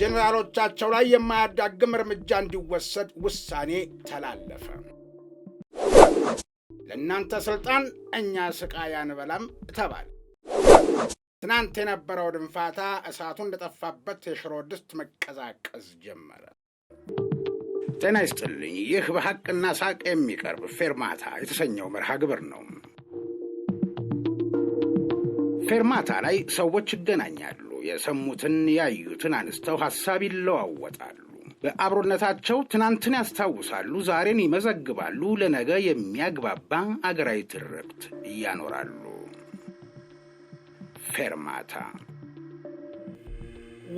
ጄኔራሎቻቸው ላይ የማያዳግም እርምጃ እንዲወሰድ ውሳኔ ተላለፈ። ለእናንተ ስልጣን እኛ ስቃይ አንበላም ተባለ። ትናንት የነበረው ድንፋታ እሳቱ እንደጠፋበት የሽሮ ድስት መቀዛቀዝ ጀመረ። ጤና ይስጥልኝ። ይህ በሐቅና ሳቅ የሚቀርብ ፌርማታ የተሰኘው መርሃ ግብር ነው። ፌርማታ ላይ ሰዎች ይገናኛሉ የሰሙትን ያዩትን አንስተው ሐሳብ ይለዋወጣሉ። በአብሮነታቸው ትናንትን ያስታውሳሉ፣ ዛሬን ይመዘግባሉ፣ ለነገ የሚያግባባ አገራዊ ትርክት እያኖራሉ። ፌርማታ።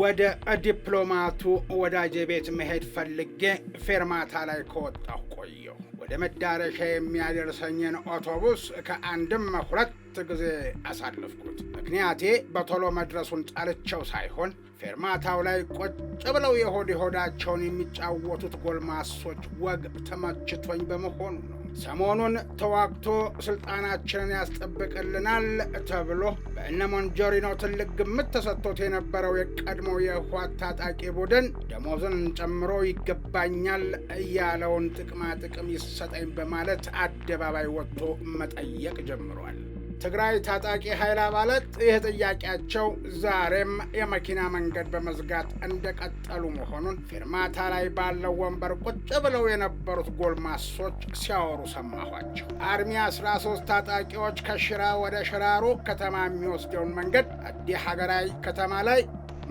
ወደ ዲፕሎማቱ ወዳጄ ቤት መሄድ ፈልጌ ፌርማታ ላይ ከወጣሁ ቆየሁ። ወደ መዳረሻ የሚያደርሰኝን አውቶቡስ ከአንድም ሁለት ሁለት ጊዜ አሳለፍኩት። ምክንያቴ በቶሎ መድረሱን ጠልቸው ሳይሆን ፌርማታው ላይ ቆጭ ብለው የሆድ የሆዳቸውን የሚጫወቱት ጎልማሶች ወግ ተመችቶኝ በመሆኑ ነው። ሰሞኑን ተዋግቶ ስልጣናችንን ያስጠብቅልናል ተብሎ በእነ ሞንጆሪኖ ትልቅ ግምት ተሰጥቶት የነበረው የቀድሞ የህወሓት ታጣቂ ቡድን ደሞዝን ጨምሮ ይገባኛል እያለውን ጥቅማ ጥቅም ይሰጠኝ በማለት አደባባይ ወጥቶ መጠየቅ ጀምሯል። ትግራይ ታጣቂ ኃይል አባላት ይህ ጥያቄያቸው ዛሬም የመኪና መንገድ በመዝጋት እንደቀጠሉ መሆኑን ፊርማታ ላይ ባለው ወንበር ቁጭ ብለው የነበሩት ጎልማሶች ሲያወሩ ሰማኋቸው። አርሚ 13 ታጣቂዎች ከሽራ ወደ ሽራሮ ከተማ የሚወስደውን መንገድ አዲ ሀገራዊ ከተማ ላይ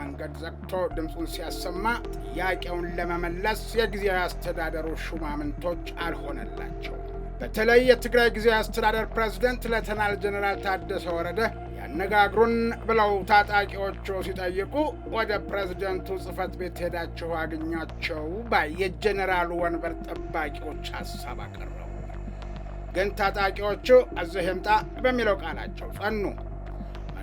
መንገድ ዘግቶ ድምፁን ሲያሰማ ጥያቄውን ለመመለስ የጊዜያዊ አስተዳደሩ ሹማምንቶች አልሆነላቸው በተለይ የትግራይ ጊዜያዊ አስተዳደር ፕሬዝደንት ሌተናል ጀኔራል ታደሰ ወረደ ያነጋግሩን ብለው ታጣቂዎቹ ሲጠይቁ ወደ ፕሬዝደንቱ ጽፈት ቤት ሄዳችሁ አግኛቸው ባይ የጀኔራሉ ወንበር ጠባቂዎች ሀሳብ አቀረቡ። ግን ታጣቂዎቹ እዚህ ይምጣ በሚለው ቃላቸው ጸኑ።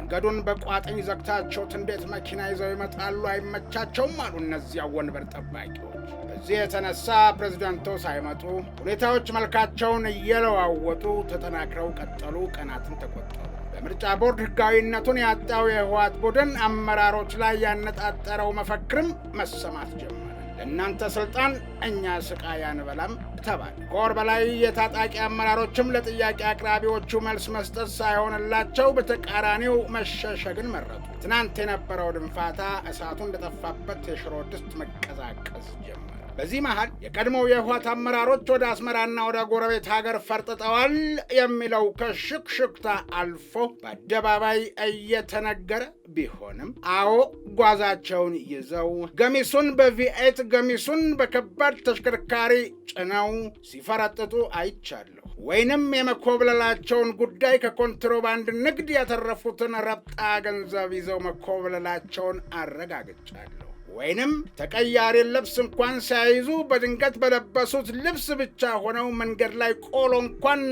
መንገዱን በቋጥኝ ዘግታችሁት እንዴት መኪና ይዘው ይመጣሉ? አይመቻቸውም አሉ እነዚያ ወንበር ጠባቂዎች። በዚህ የተነሳ ፕሬዝዳንቱ ሳይመጡ ሁኔታዎች መልካቸውን እየለዋወጡ ተጠናክረው ቀጠሉ። ቀናትን ተቆጠሩ። በምርጫ ቦርድ ህጋዊነቱን ያጣው የህወሓት ቡድን አመራሮች ላይ ያነጣጠረው መፈክርም መሰማት ጀመረ። ለእናንተ ስልጣን እኛ ስቃይ አንበላም ተባለ። ከወር በላይ የታጣቂ አመራሮችም ለጥያቄ አቅራቢዎቹ መልስ መስጠት ሳይሆንላቸው በተቃራኒው መሸሸግን መረጡ። ትናንት የነበረው ድንፋታ እሳቱ እንደጠፋበት የሽሮ ድስት መቀዛቀዝ ጀመረ። በዚህ መሃል የቀድሞው የህወሓት አመራሮች ወደ አስመራና ወደ ጎረቤት ሀገር ፈርጥጠዋል የሚለው ከሽክሽክታ አልፎ በአደባባይ እየተነገረ ቢሆንም አዎ ጓዛቸውን ይዘው ገሚሱን በቪኤት ገሚሱን በከባድ ተሽከርካሪ ጭነው ሲፈረጥጡ አይቻለሁ። ወይንም የመኮብለላቸውን ጉዳይ ከኮንትሮባንድ ንግድ ያተረፉትን ረብጣ ገንዘብ ይዘው መኮብለላቸውን አረጋግጫለሁ። ወይንም ተቀያሪ ልብስ እንኳን ሳይዙ በድንገት በለበሱት ልብስ ብቻ ሆነው መንገድ ላይ ቆሎ እንኳን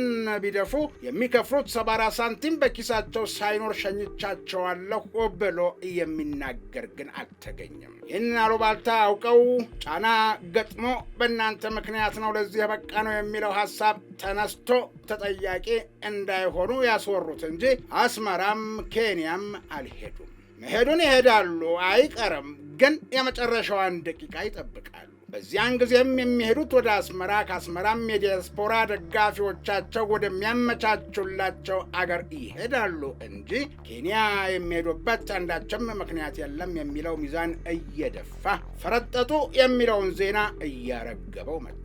ቢደፉ የሚከፍሉት 74 ሳንቲም በኪሳቸው ሳይኖር ሸኝቻቸዋለሁ ብሎ የሚናገር ግን አልተገኘም። ይህን አሉባልታ አውቀው ጫና ገጥሞ በእናንተ ምክንያት ነው ለዚህ የበቃ ነው የሚለው ሀሳብ ተነስቶ ተጠያቂ እንዳይሆኑ ያስወሩት እንጂ አስመራም ኬንያም አልሄዱም። መሄዱን ይሄዳሉ፣ አይቀርም። ግን የመጨረሻዋን ደቂቃ ይጠብቃሉ። በዚያን ጊዜም የሚሄዱት ወደ አስመራ፣ ከአስመራም የዲያስፖራ ደጋፊዎቻቸው ወደሚያመቻቹላቸው አገር ይሄዳሉ እንጂ ኬንያ የሚሄዱበት አንዳችም ምክንያት የለም የሚለው ሚዛን እየደፋ ፈረጠጡ የሚለውን ዜና እያረገበው መጣ።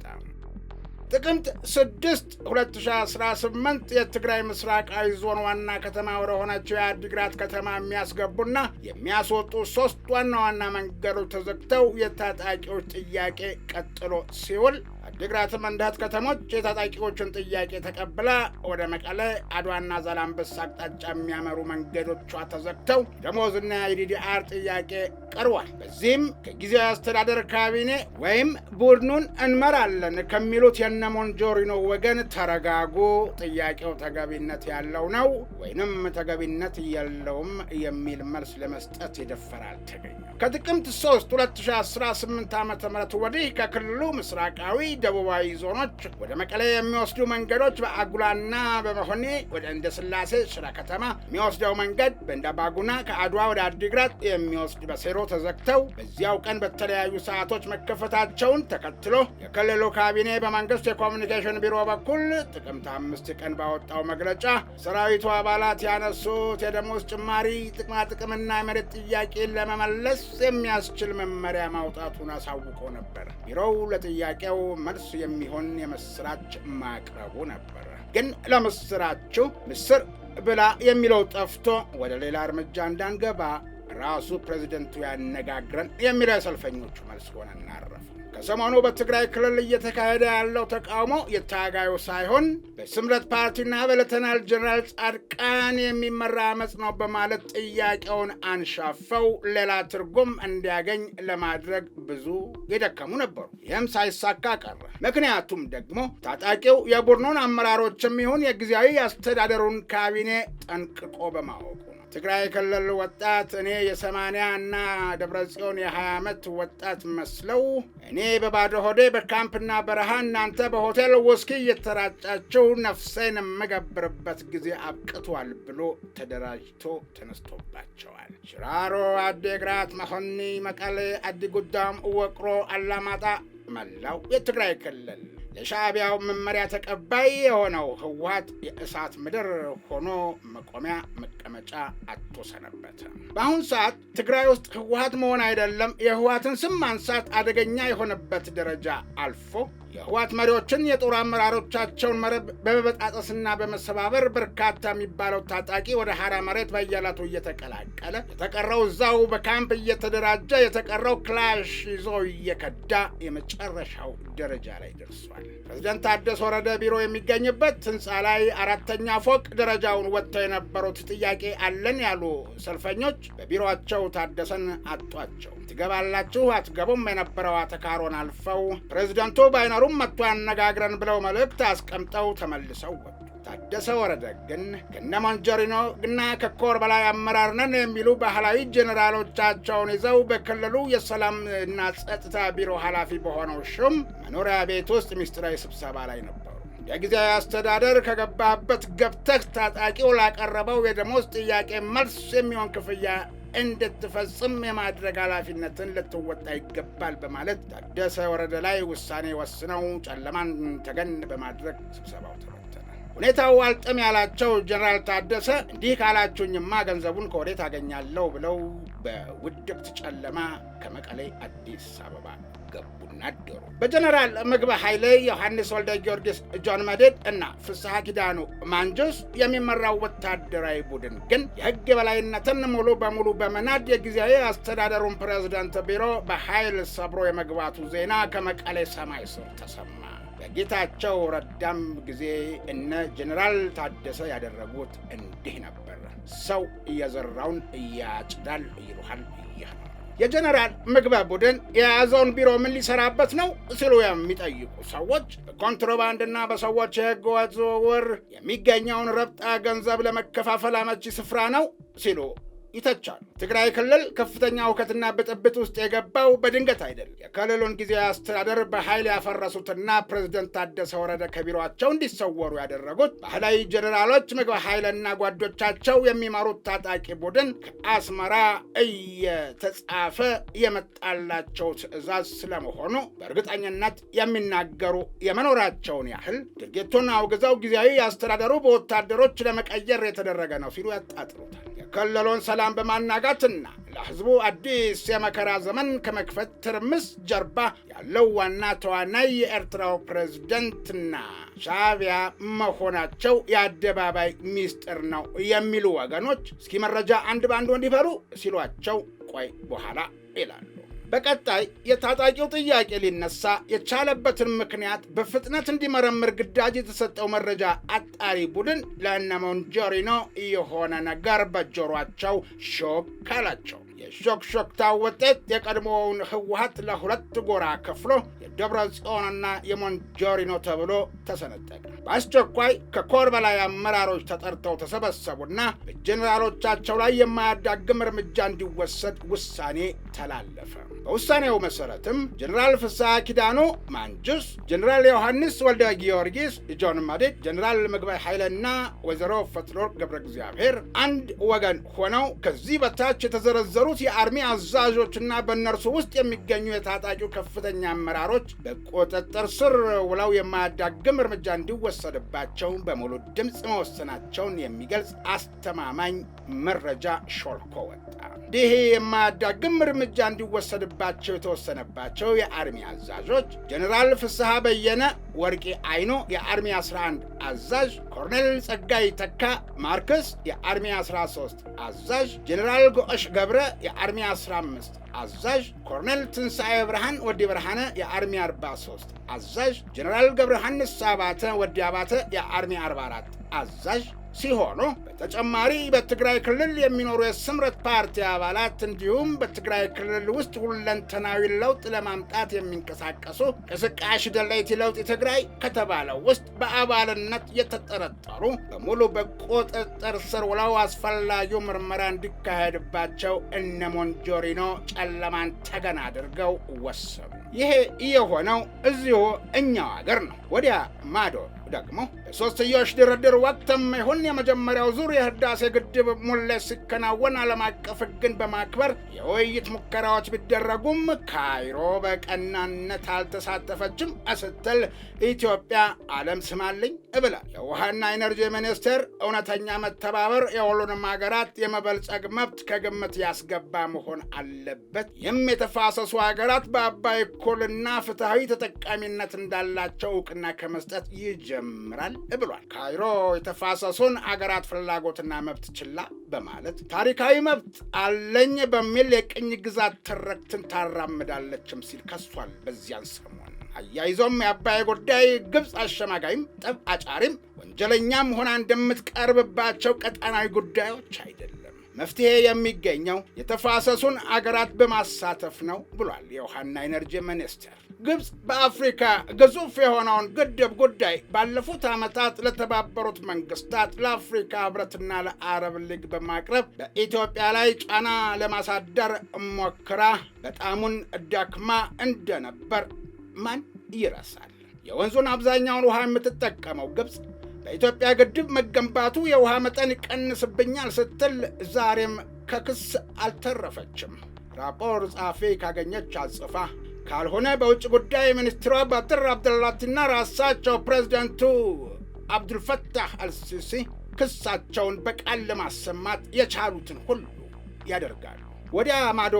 ጥቅምት 6 2018 የትግራይ ምስራቃዊ ዞን ዋና ከተማ ወደ ሆነችው የአዲግራት ከተማ የሚያስገቡና የሚያስወጡ ሶስት ዋና ዋና መንገዶች ተዘግተው የታጣቂዎች ጥያቄ ቀጥሎ ሲውል የግራት መንዳት ከተሞች የታጣቂዎቹን ጥያቄ ተቀብላ ወደ መቀለ፣ አድዋና ዛላምበሳ አቅጣጫ የሚያመሩ መንገዶቿ ተዘግተው ደሞዝና የዲዲአር ጥያቄ ቀርቧል። በዚህም ከጊዜያዊ አስተዳደር ካቢኔ ወይም ቡድኑን እንመራለን ከሚሉት የነ ሞንጆሪኖ ወገን ተረጋጉ፣ ጥያቄው ተገቢነት ያለው ነው ወይንም ተገቢነት የለውም የሚል መልስ ለመስጠት የደፈረ አልተገኘም። ከጥቅምት 3 2018 ዓ ም ወዲህ ከክልሉ ምስራቃዊ ደቡባዊ ዞኖች ወደ መቀለ የሚወስዱ መንገዶች በአጉላና በመሆኔ ወደ እንደስላሴ ሽረ ከተማ የሚወስደው መንገድ በእንደባጉና ከአድዋ ወደ አዲግራት የሚወስድ በሴሮ ተዘግተው በዚያው ቀን በተለያዩ ሰዓቶች መከፈታቸውን ተከትሎ የክልሉ ካቢኔ በመንግስት የኮሚኒኬሽን ቢሮ በኩል ጥቅምት አምስት ቀን ባወጣው መግለጫ ሰራዊቱ አባላት ያነሱት የደሞዝ ጭማሪ ጥቅማጥቅምና የመሬት ጥያቄን ለመመለስ የሚያስችል መመሪያ ማውጣቱን አሳውቆ ነበር። ቢሮው ለጥያቄው መልስ የሚሆን የምስራች ማቅረቡ ነበር። ግን ለምስራችሁ ምስር ብላ የሚለው ጠፍቶ ወደ ሌላ እርምጃ እንዳንገባ ራሱ ፕሬዚደንቱ ያነጋግረን የሚለው የሰልፈኞቹ መልስ ሆነ እናረፉ። ከሰሞኑ በትግራይ ክልል እየተካሄደ ያለው ተቃውሞ የታጋዩ ሳይሆን በስምረት ፓርቲና በሌተናል ጀነራል ጻድቃን የሚመራ አመፅ ነው በማለት ጥያቄውን አንሻፈው ሌላ ትርጉም እንዲያገኝ ለማድረግ ብዙ የደከሙ ነበሩ። ይህም ሳይሳካ ቀረ። ምክንያቱም ደግሞ ታጣቂው የቡድኑን አመራሮችም ይሁን የጊዜያዊ አስተዳደሩን ካቢኔ ጠንቅቆ በማወቁ ትግራይ ክልል ወጣት እኔ የሰማንያ እና ደብረጽዮን የ 2 ዓመት ወጣት መስለው እኔ በባዶ ሆዴ በካምፕና በረሃ እናንተ በሆቴል ውስኪ እየተራጫችሁ ነፍሴን የምገብርበት ጊዜ አብቅቷል ብሎ ተደራጅቶ ተነስቶባቸዋል። ሽራሮ፣ አዴግራት፣ መኸኒ፣ መቀሌ፣ አዲ ጉዳም፣ እወቅሮ፣ አላማጣ መላው የትግራይ ክልል ለሻዕቢያው መመሪያ ተቀባይ የሆነው ህወሓት የእሳት ምድር ሆኖ መቆሚያ መቀመጫ አቶ ሰነበተ። በአሁን ሰዓት ትግራይ ውስጥ ህወሓት መሆን አይደለም የህወሓትን ስም ማንሳት አደገኛ የሆነበት ደረጃ አልፎ የህወሓት መሪዎችን የጦር አመራሮቻቸውን መረብ በመበጣጠስና በመሰባበር በርካታ የሚባለው ታጣቂ ወደ ሐራ መሬት በየዕለቱ እየተቀላቀለ የተቀረው እዛው በካምፕ እየተደራጀ የተቀረው ክላሽ ይዞ እየከዳ የመጨረሻው ደረጃ ላይ ደርሷል። ተናግረዋል። ፕሬዚደንት ታደሰ ወረደ ቢሮ የሚገኝበት ህንፃ ላይ አራተኛ ፎቅ ደረጃውን ወጥተው የነበሩት ጥያቄ አለን ያሉ ሰልፈኞች በቢሮቸው ታደሰን አጧቸው። ትገባላችሁ አትገቡም የነበረው አተካሮን አልፈው ፕሬዚደንቱ ባይኖሩም መጥቶ ያነጋግረን ብለው መልእክት አስቀምጠው ተመልሰው ወጡ። ታደሰ ወረደ ግን ከነሞንጆሪኖ እና ከኮር በላይ አመራር ነን የሚሉ ባህላዊ ጀኔራሎቻቸውን ይዘው በክልሉ የሰላም እና ጸጥታ ቢሮ ኃላፊ በሆነው ሹም መኖሪያ ቤት ውስጥ ሚስጢራዊ ስብሰባ ላይ ነበሩ። የጊዜያዊ አስተዳደር ከገባህበት ገብተህ ታጣቂው ላቀረበው የደሞዝ ጥያቄ መልስ የሚሆን ክፍያ እንድትፈጽም የማድረግ ኃላፊነትን ልትወጣ ይገባል በማለት ታደሰ ወረደ ላይ ውሳኔ ወስነው ጨለማን ተገን በማድረግ ስብሰባው ሁኔታው አልጥም ያላቸው ጀነራል ታደሰ እንዲህ ካላችሁኝማ ገንዘቡን ከወዴት አገኛለሁ ብለው በውድቅት ጨለማ ከመቀሌ አዲስ አበባ ገቡና አደሩ። በጀነራል ምግበ ኃይሌ፣ ዮሐንስ ወልደ ጊዮርጊስ፣ ጆን መዴድ እና ፍስሐ ኪዳኑ ማንጆስ የሚመራው ወታደራዊ ቡድን ግን የሕግ የበላይነትን ሙሉ በሙሉ በመናድ የጊዜያዊ አስተዳደሩን ፕሬዝደንት ቢሮ በኃይል ሰብሮ የመግባቱ ዜና ከመቀሌ ሰማይ ስር ተሰማ። በጌታቸው ረዳም ጊዜ እነ ጀኔራል ታደሰ ያደረጉት እንዲህ ነበር። ሰው እየዘራውን እያጭዳል ይሉሃል። ይህ የጀኔራል ምግበ ቡድን የያዘውን ቢሮ ምን ሊሰራበት ነው ሲሉ የሚጠይቁ ሰዎች በኮንትሮባንድና በሰዎች የሕገ ዝውውር የሚገኘውን ረብጣ ገንዘብ ለመከፋፈል አመቺ ስፍራ ነው ሲሉ ይተቻል። ትግራይ ክልል ከፍተኛ እውከትና ብጥብጥ ውስጥ የገባው በድንገት አይደል። የክልሉን ጊዜያዊ አስተዳደር በኃይል ያፈረሱትና ፕሬዝደንት ታደሰ ወረደ ከቢሮቸው እንዲሰወሩ ያደረጉት ባህላዊ ጀኔራሎች ምግብ ኃይለና ጓዶቻቸው የሚመሩት ታጣቂ ቡድን ከአስመራ እየተጻፈ የመጣላቸው ትዕዛዝ ስለመሆኑ በእርግጠኝነት የሚናገሩ የመኖራቸውን ያህል ድርጊቱን አውግዘው ጊዜያዊ አስተዳደሩ በወታደሮች ለመቀየር የተደረገ ነው ሲሉ ያጣጥሉታል። የከለሎን ሰላም በማናጋትና ለህዝቡ አዲስ የመከራ ዘመን ከመክፈት ትርምስ ጀርባ ያለው ዋና ተዋናይ የኤርትራው ፕሬዝደንትና ሻቢያ መሆናቸው የአደባባይ ሚስጥር ነው የሚሉ ወገኖች እስኪ መረጃ አንድ በአንድ እንዲፈሩ ሲሏቸው ቆይ በኋላ ይላሉ። በቀጣይ የታጣቂው ጥያቄ ሊነሳ የቻለበትን ምክንያት በፍጥነት እንዲመረምር ግዳጅ የተሰጠው መረጃ አጣሪ ቡድን ለእነ ሞንጆሪኖ የሆነ ነገር በጆሯቸው ሾክ አላቸው። የሾክሾክታ ውጤት የቀድሞውን ህወሀት ለሁለት ጎራ ከፍሎ የደብረ ጽዮንና የሞንጆሪኖ ተብሎ ተሰነጠቀ። በአስቸኳይ ከኮር በላይ አመራሮች ተጠርተው ተሰበሰቡና በጀኔራሎቻቸው ላይ የማያዳግም እርምጃ እንዲወሰድ ውሳኔ ተላለፈ። በውሳኔው መሰረትም ጀኔራል ፍስሐ ኪዳኑ ማንጁስ፣ ጀኔራል ዮሐንስ ወልደ ጊዮርጊስ ጆን ማዴት፣ ጀኔራል ምግባይ ኃይለና ወይዘሮ ፈትለወርቅ ገብረ እግዚአብሔር አንድ ወገን ሆነው ከዚህ በታች የተዘረዘሩ የነበሩት የአርሚ አዛዦችና በእነርሱ ውስጥ የሚገኙ የታጣቂው ከፍተኛ አመራሮች በቁጥጥር ስር ውለው የማያዳግም እርምጃ እንዲወሰድባቸው በሙሉ ድምፅ መወሰናቸውን የሚገልጽ አስተማማኝ መረጃ ሾልኮ ወጣ። እንዲህ የማያዳግም እርምጃ እንዲወሰድባቸው የተወሰነባቸው የአርሚ አዛዦች ጀኔራል ፍስሐ በየነ፣ ወርቄ አይኖ የአርሚ 11 አዛዥ፣ ኮርኔል ጸጋይ ተካ ማርክስ የአርሚ 13 አዛዥ፣ ጀኔራል ጎዕሽ ገብረ የአርሚ 15 አዛዥ፣ ኮርኔል ትንሣኤ ብርሃን ወዲ ብርሃነ የአርሚ 43 አዛዥ፣ ጀነራል ገብረ ዮሐንስ አባተ ወዲ አባተ የአርሚ 44 አዛዥ ሲሆኑ በተጨማሪ በትግራይ ክልል የሚኖሩ የስምረት ፓርቲ አባላት እንዲሁም በትግራይ ክልል ውስጥ ሁለንተናዊ ለውጥ ለማምጣት የሚንቀሳቀሱ ቅስቃሽ ደለይቲ ለውጥ ትግራይ ከተባለው ውስጥ በአባልነት የተጠረጠሩ በሙሉ በቁጥጥር ስር ውለው አስፈላጊው ምርመራ እንዲካሄድባቸው እነ ሞንጆሪኖ ጨለማን ተገን አድርገው ወሰኑ። ይሄ የሆነው እዚሁ እኛው አገር ነው ወዲያ ማዶ ደግሞ በሦስትዮሽ ድርድር ወቅትም ይሁን የመጀመሪያው ዙር የህዳሴ ግድብ ሙሌት ሲከናወን ዓለም አቀፍ ሕግን በማክበር የውይይት ሙከራዎች ቢደረጉም ካይሮ በቀናነት አልተሳተፈችም እስትል ኢትዮጵያ ዓለም ስማልኝ ብላል። የውሃና ኢነርጂ ሚኒስቴር እውነተኛ መተባበር የሁሉንም ሀገራት የመበልጸግ መብት ከግምት ያስገባ መሆን አለበት። ይህም የተፋሰሱ ሀገራት በአባይ እኩልና ፍትሐዊ ተጠቃሚነት እንዳላቸው እውቅና ከመስጠት ይጀ ይጀምራል ብሏል። ካይሮ የተፋሰሱን አገራት ፍላጎትና መብት ችላ በማለት ታሪካዊ መብት አለኝ በሚል የቅኝ ግዛት ትርክትን ታራምዳለችም ሲል ከሷል። በዚያን ሰሞን አያይዞም የአባይ ጉዳይ ግብፅ አሸማጋይም ጠብ አጫሪም ወንጀለኛም ሆና እንደምትቀርብባቸው ቀጠናዊ ጉዳዮች አይደለም መፍትሄ የሚገኘው የተፋሰሱን አገራት በማሳተፍ ነው ብሏል የውሃና ኤነርጂ ሚኒስትር። ግብፅ በአፍሪካ ግዙፍ የሆነውን ግድብ ጉዳይ ባለፉት ዓመታት ለተባበሩት መንግስታት፣ ለአፍሪካ ህብረትና ለአረብ ሊግ በማቅረብ በኢትዮጵያ ላይ ጫና ለማሳደር ሞክራ በጣሙን ደክማ እንደነበር ማን ይረሳል? የወንዙን አብዛኛውን ውሃ የምትጠቀመው ግብፅ ለኢትዮጵያ ግድብ መገንባቱ የውሃ መጠን ይቀንስብኛል ስትል ዛሬም ከክስ አልተረፈችም። ራፖር ጻፊ ካገኘች አጽፋ ካልሆነ በውጭ ጉዳይ ሚኒስትሯ ባትር አብደላቲና ራሳቸው ፕሬዚደንቱ አብዱልፈታህ አልሲሲ ክሳቸውን በቃል ለማሰማት የቻሉትን ሁሉ ያደርጋሉ። ወዲያ ማዶ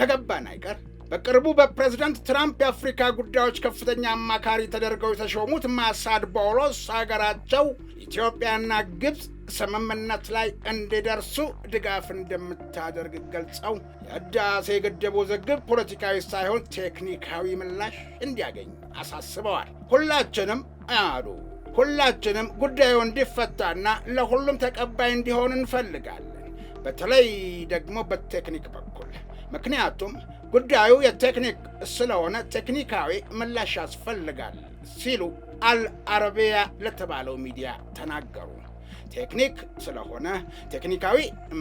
ከገባን አይቀር በቅርቡ በፕሬዝደንት ትራምፕ የአፍሪካ ጉዳዮች ከፍተኛ አማካሪ ተደርገው የተሾሙት ማሳድ ቦሎስ ሀገራቸው ኢትዮጵያና ግብፅ ስምምነት ላይ እንዲደርሱ ድጋፍ እንደምታደርግ ገልጸው የህዳሴ ግድቡ ዘግብ ፖለቲካዊ ሳይሆን ቴክኒካዊ ምላሽ እንዲያገኝ አሳስበዋል። ሁላችንም አሉ ሁላችንም ጉዳዩ እንዲፈታና ለሁሉም ተቀባይ እንዲሆን እንፈልጋለን። በተለይ ደግሞ በቴክኒክ በኩል ምክንያቱም ጉዳዩ የቴክኒክ ስለሆነ ቴክኒካዊ ምላሽ ያስፈልጋል ሲሉ አልአረቢያ ለተባለው ሚዲያ ተናገሩ። ቴክኒክ ስለሆነ ቴክኒካዊ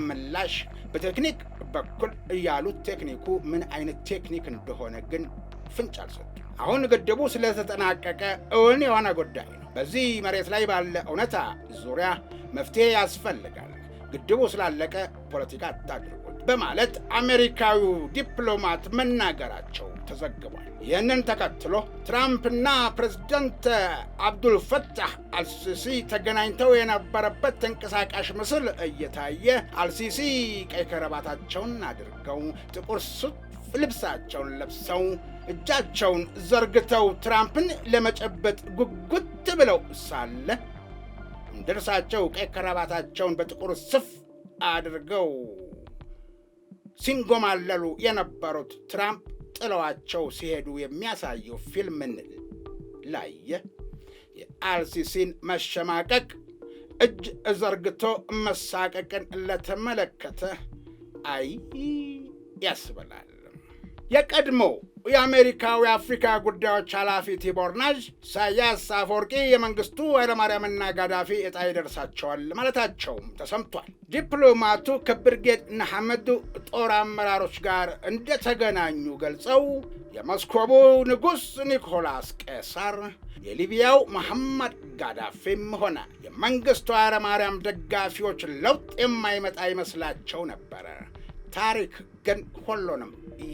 ምላሽ በቴክኒክ በኩል እያሉት ቴክኒኩ ምን አይነት ቴክኒክ እንደሆነ ግን ፍንጭ አልሰጡ። አሁን ግድቡ ስለተጠናቀቀ እውን የሆነ ጉዳይ ነው። በዚህ መሬት ላይ ባለ እውነታ ዙሪያ መፍትሄ ያስፈልጋል። ግድቡ ስላለቀ ፖለቲካ አታድርጉ። በማለት አሜሪካዊው ዲፕሎማት መናገራቸው ተዘግቧል። ይህንን ተከትሎ ትራምፕና ፕሬዝደንት አብዱልፈታህ አልሲሲ ተገናኝተው የነበረበት ተንቀሳቃሽ ምስል እየታየ አልሲሲ ቀይ ከረባታቸውን አድርገው ጥቁር ሱፍ ልብሳቸውን ለብሰው እጃቸውን ዘርግተው ትራምፕን ለመጨበጥ ጉጉት ብለው ሳለ እንደ ቀይ ከረባታቸውን በጥቁር ስፍ አድርገው ሲንጎማለሉ የነበሩት ትራምፕ ጥለዋቸው ሲሄዱ የሚያሳየው ፊልምን ላየ የአልሲሲን መሸማቀቅ እጅ ዘርግቶ መሳቀቅን ለተመለከተ አይ ያስብላል። የቀድሞው የአሜሪካው የአፍሪካ ጉዳዮች ኃላፊ ቲቦር ናዥ ኢሳያስ አፈወርቂ የመንግስቱ ኃይለማርያምና ጋዳፊ እጣ ይደርሳቸዋል ማለታቸውም ተሰምቷል። ዲፕሎማቱ ከብርጌድ ንሓመዱ ጦር አመራሮች ጋር እንደተገናኙ ገልጸው የመስኮቡ ንጉሥ ኒኮላስ ቄሳር የሊቢያው መሐመድ ጋዳፊም ሆነ የመንግሥቱ ኃይለማርያም ደጋፊዎች ለውጥ የማይመጣ ይመስላቸው ነበረ፣ ታሪክ ግን ሁሉንም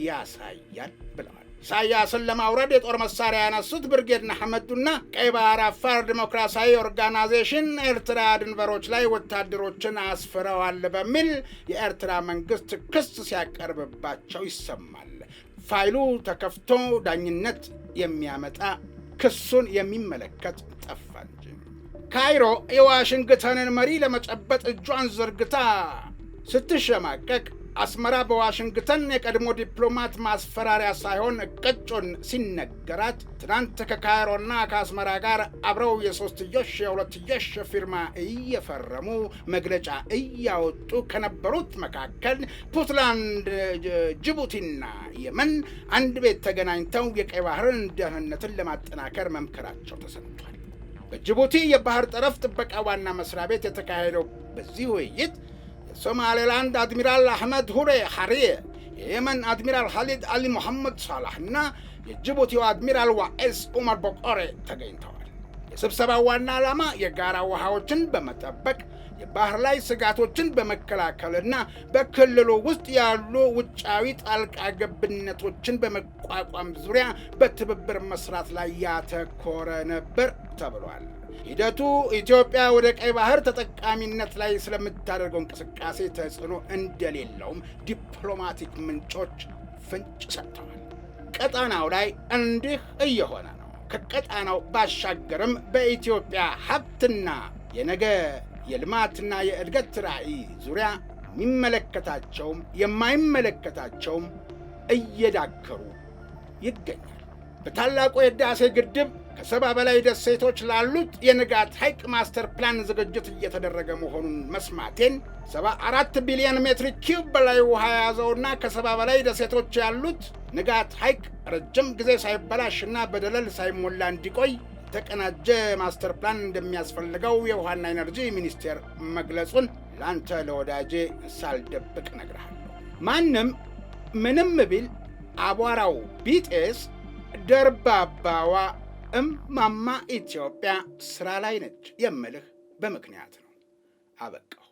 ያሳያል ብለዋል። ኢሳያስን ለማውረድ የጦር መሳሪያ ያነሱት ብርጌድ ንሓመዱና ቀይ ባህር አፋር ዲሞክራሲያዊ ኦርጋናይዜሽን ኤርትራ ድንበሮች ላይ ወታደሮችን አስፍረዋል በሚል የኤርትራ መንግስት ክስ ሲያቀርብባቸው ይሰማል። ፋይሉ ተከፍቶ ዳኝነት የሚያመጣ ክሱን የሚመለከት ጠፋ እንጂ ካይሮ የዋሽንግተንን መሪ ለመጨበጥ እጇን ዘርግታ ስትሸማቀቅ አስመራ በዋሽንግተን የቀድሞ ዲፕሎማት ማስፈራሪያ ሳይሆን ቅጩን ሲነገራት ትናንት ከካይሮና ከአስመራ ጋር አብረው የሶስትዮሽ የሁለትዮሽ ፊርማ እየፈረሙ መግለጫ እያወጡ ከነበሩት መካከል ፑንትላንድ፣ ጅቡቲና የመን አንድ ቤት ተገናኝተው የቀይ ባህርን ደህንነትን ለማጠናከር መምከራቸው ተሰምቷል። በጅቡቲ የባህር ጠረፍ ጥበቃ ዋና መስሪያ ቤት የተካሄደው በዚህ ውይይት ሶማሌላንድ አድሚራል አሕመድ ሁሬ ሐሬ፣ የየመን አድሚራል ሀሊድ አሊ ሙሐመድ ሳላህ እና የጅቡቲው አድሚራል ዋኤስ ዑመር ቦቆሬ ተገኝተዋል። የስብሰባው ዋና ዓላማ የጋራ ውሃዎችን በመጠበቅ የባህር ላይ ስጋቶችን በመከላከልና በክልሉ ውስጥ ያሉ ውጫዊ ጣልቃ ገብነቶችን በመቋቋም ዙሪያ በትብብር መስራት ላይ ያተኮረ ነበር ተብሏል። ሂደቱ ኢትዮጵያ ወደ ቀይ ባህር ተጠቃሚነት ላይ ስለምታደርገው እንቅስቃሴ ተጽዕኖ እንደሌለውም ዲፕሎማቲክ ምንጮች ፍንጭ ሰጥተዋል። ቀጣናው ላይ እንዲህ እየሆነ ነው። ከቀጣናው ባሻገርም በኢትዮጵያ ሀብትና የነገ የልማትና የእድገት ራዕይ ዙሪያ የሚመለከታቸውም የማይመለከታቸውም እየዳከሩ ይገኛል። በታላቁ የህዳሴ ግድብ ከሰባ በላይ ደሴቶች ላሉት የንጋት ሐይቅ ማስተር ፕላን ዝግጅት እየተደረገ መሆኑን መስማቴን ሰባ አራት ቢሊዮን ሜትሪክ ኪዩብ በላይ ውሃ የያዘውና ከሰባ በላይ ደሴቶች ያሉት ንጋት ሐይቅ ረጅም ጊዜ ሳይበላሽና በደለል ሳይሞላ እንዲቆይ የተቀናጀ ማስተር ፕላን እንደሚያስፈልገው የውሃና ኤነርጂ ሚኒስቴር መግለጹን ለአንተ ለወዳጄ ሳልደብቅ እነግርሃለሁ። ማንም ምንም ቢል አቧራው ቢጤስ ደርባባዋ እማማ ኢትዮጵያ ስራ ላይ ነች የምልህ በምክንያት ነው። አበቃው።